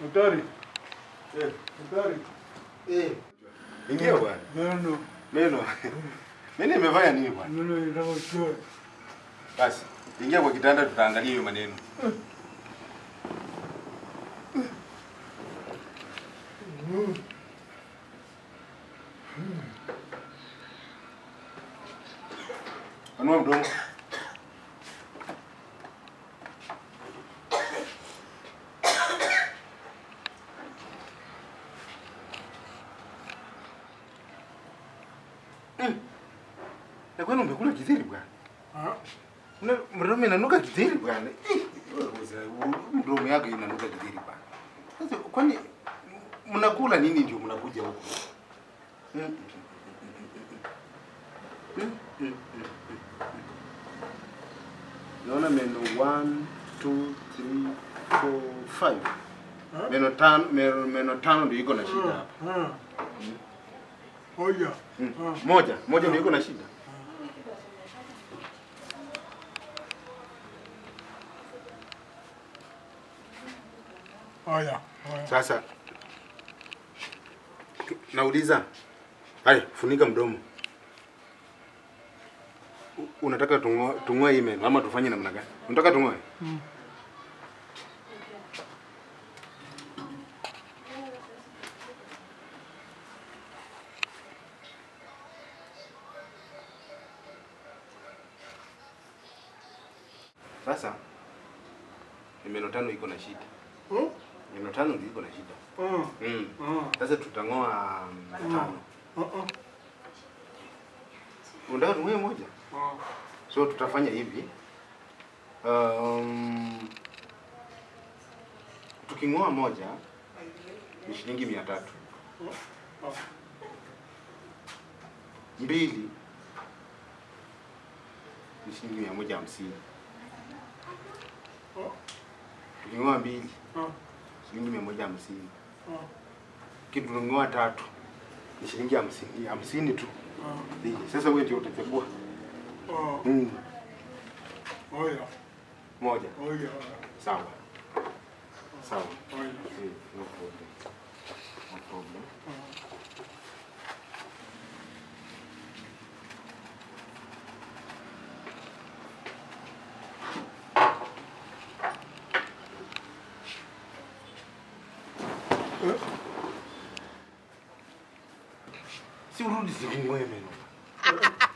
Daktari. Eh, eh. Ingia bwana. Neno. Neno. Mimi nini bwana? Basi, ingia kwa kitanda tutaangalia hiyo maneno. Mm. mdomo. Na kwani umekula kidhiri bwana? Ah. Na mdomo inanuka kidhiri bwana. mdomo yako inanuka kidhiri bwana. Sasa kwani mnakula nini ndio mnakuja huko? Hmm? Hmm? Hmm? Naona meno 1 2 3 4 5. Meno tano, meno tano ndio iko na shida hapa. Moja. Moja, moja ndio iko na shida. Haya. Sasa nauliza, hai funika mdomo. Unataka tung'oe tung'oe hii meno ama tufanye namna gani? Unataka tung'oe? Mm. Sasa ni meno tano iko na shida. Hmm? Neno tano liko na shida. Oh. Mm. Oh. Sasa tutang'oa mm, oh. tano. Unataka tung'oe moja? So tutafanya hivi. Um, tuking'oa moja ni shilingi mia tatu. Mbili ni shilingi mia moja hamsini. Tuking'oa mbili. Mm shilingi mia moja hamsini mm. Oh. kitu tununua tatu ni shilingi hamsini hamsini tu mm. Sasa wewe ndio utachagua mm. mm. moja moja sawa sawa, しおるんですよ、ゴンゴエメの。